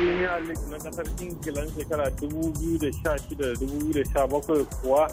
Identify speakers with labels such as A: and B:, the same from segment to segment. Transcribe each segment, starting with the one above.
A: premier league na kasar ingila shekara 2016-2017 kuwa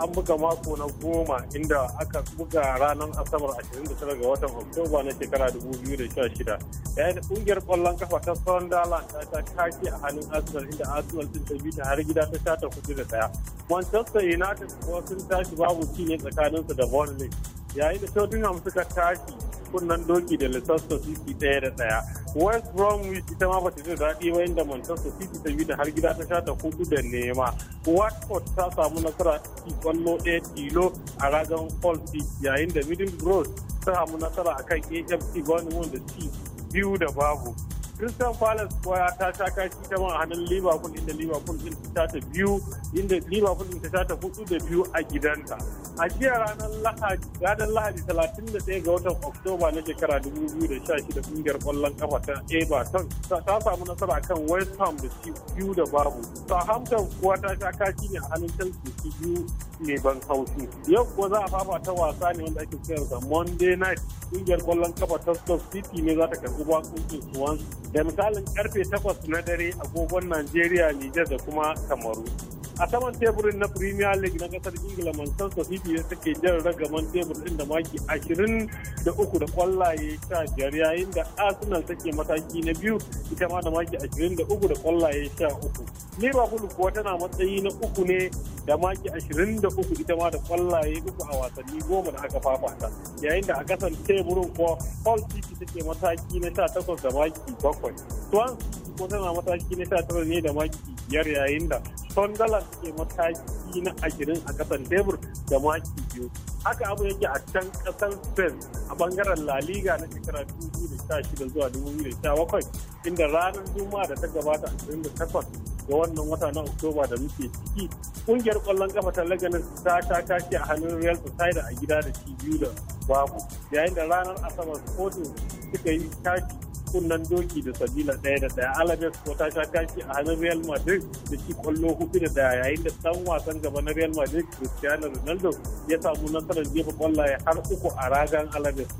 A: an buga mako na goma inda aka buga ranar asabar 29 ga watan oktoba na shekara 2016 yayin kungiyar kwallon kafa ta sunderland ta ta kashi a hannun arsenal inda arsenal tabi ta bita har gida ta sha ta kudu da daya manchester united kuwa sun tashi babu ci ne tsakaninsu da burnley yayin da tottenham suka tashi kunnan doki da leicester city daya da daya west bromwich ita ma bata jin daɗi ba inda manchester city ta bi da har gida ta sha ta hudu da nema watford ta samu nasara kwallo ɗaya tilo a ragan hall yayin da middlesbrough ta samu nasara akan afc gwanimun da ci biyu da babu Crystal Palace kuwa ta sha kashi ta man hannun Liverpool inda Liverpool din ta ta biyu inda Liverpool din ta sha ta hudu da biyu a gidanta. a jiya ranar lahadi ranar lahadi talatin da ɗaya ga watan oktoba na shekara shida kungiyar kwallon kafa ta everton ta samu nasara kan west ham da ci biyu da babu southampton kuwa ta sha kashi ne a hannun chelsea ci biyu ne ban haushi yau kuwa za a ta wasa ne wanda ake da monday night kungiyar kwallon kafa ta stoke city ne za ta ba bakuncin suwan da misalin karfe takwas na dare agogon najeriya niger da kuma kamaru a saman teburin na premier league na kasar ingila manchester city ne take jan ragaman tebur din da maki ashirin da uku da kwallaye sha biyar yayin da arsenal take mataki na biyu ita ma da maki ashirin da uku da kwallaye sha uku liverpool kuwa tana matsayi na uku ne da maki ashirin da uku ita ma da kwallaye uku a wasanni goma da aka fafata yayin da a kasan teburin kuwa hall city take mataki na sha takwas da maki bakwai tuwan ko tana mataki na sha tara ne da maki biyar yayin da Sunderland suke mataki na ashirin a kasan tebur da maki biyu. Haka abu yake a can kasan Spain a bangaren La Liga na shekara 2016 zuwa 2017 inda ranar Juma'a da ta gabata a 28 ga wannan wata na Oktoba da muke ciki kungiyar kwallon kafa ta Leganes ta ta tashi a hannun Real Sociedad a gida da ci da babu yayin da ranar Asabar Sporting suka yi tashi kunnan doki da sabila ɗaya da ɗaya alabes ko ta sha kashi a hannun real madrid da shi kwallo hudu da ɗaya yayin da ɗan wasan gaba na real madrid cristiano ronaldo ya samu nasarar er jefa kwallaye har uku a ragan alabes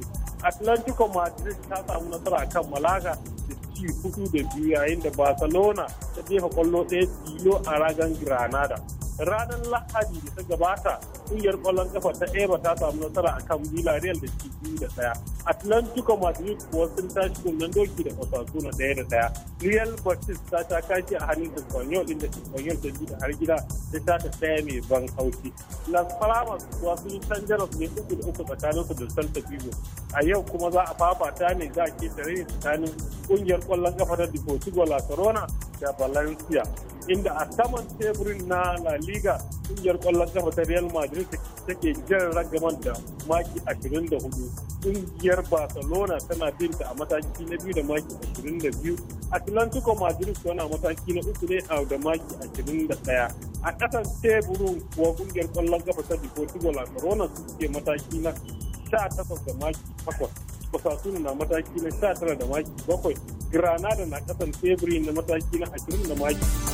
A: atlantico madrid ta samu nasara kan malaga da ci hudu da biyu yayin da barcelona ta jefa kwallo ɗaya tilo a ragan granada ranar lahadi da ta gabata kungiyar kwallon kafa ta eba ta samu nasara a kan villarreal da ke biyu da daya atlantico madrid kuwa sun tashi kunnen doki da osasuna daya da daya real batis ta sha kashi a hannun espanyol inda espanyol ta bi da har gida ta ta daya mai ban haushi las palamas kuwa sun san jaras ne uku da uku tsakanin su da santa vigo a yau kuma za a fafata ne za a ke tare tsakanin kungiyar kwallon kafa ta deportivo la corona da valencia inda a saman teburin na La Liga kungiyar kwallon kafa ta Real Madrid take jiran ragaman da maki 24 kungiyar Barcelona tana bin ta a mataki na biyu da maki 22 Atlantico Madrid tana mataki na uku ne a da maki 21 a kasan teburin kuwa kungiyar kwallon kafa ta Deportivo La Corona suke mataki na 18 da maki 8 Osasuna na mataki na 19 da maki 7 Granada na kasan teburi na mataki na 20 da maki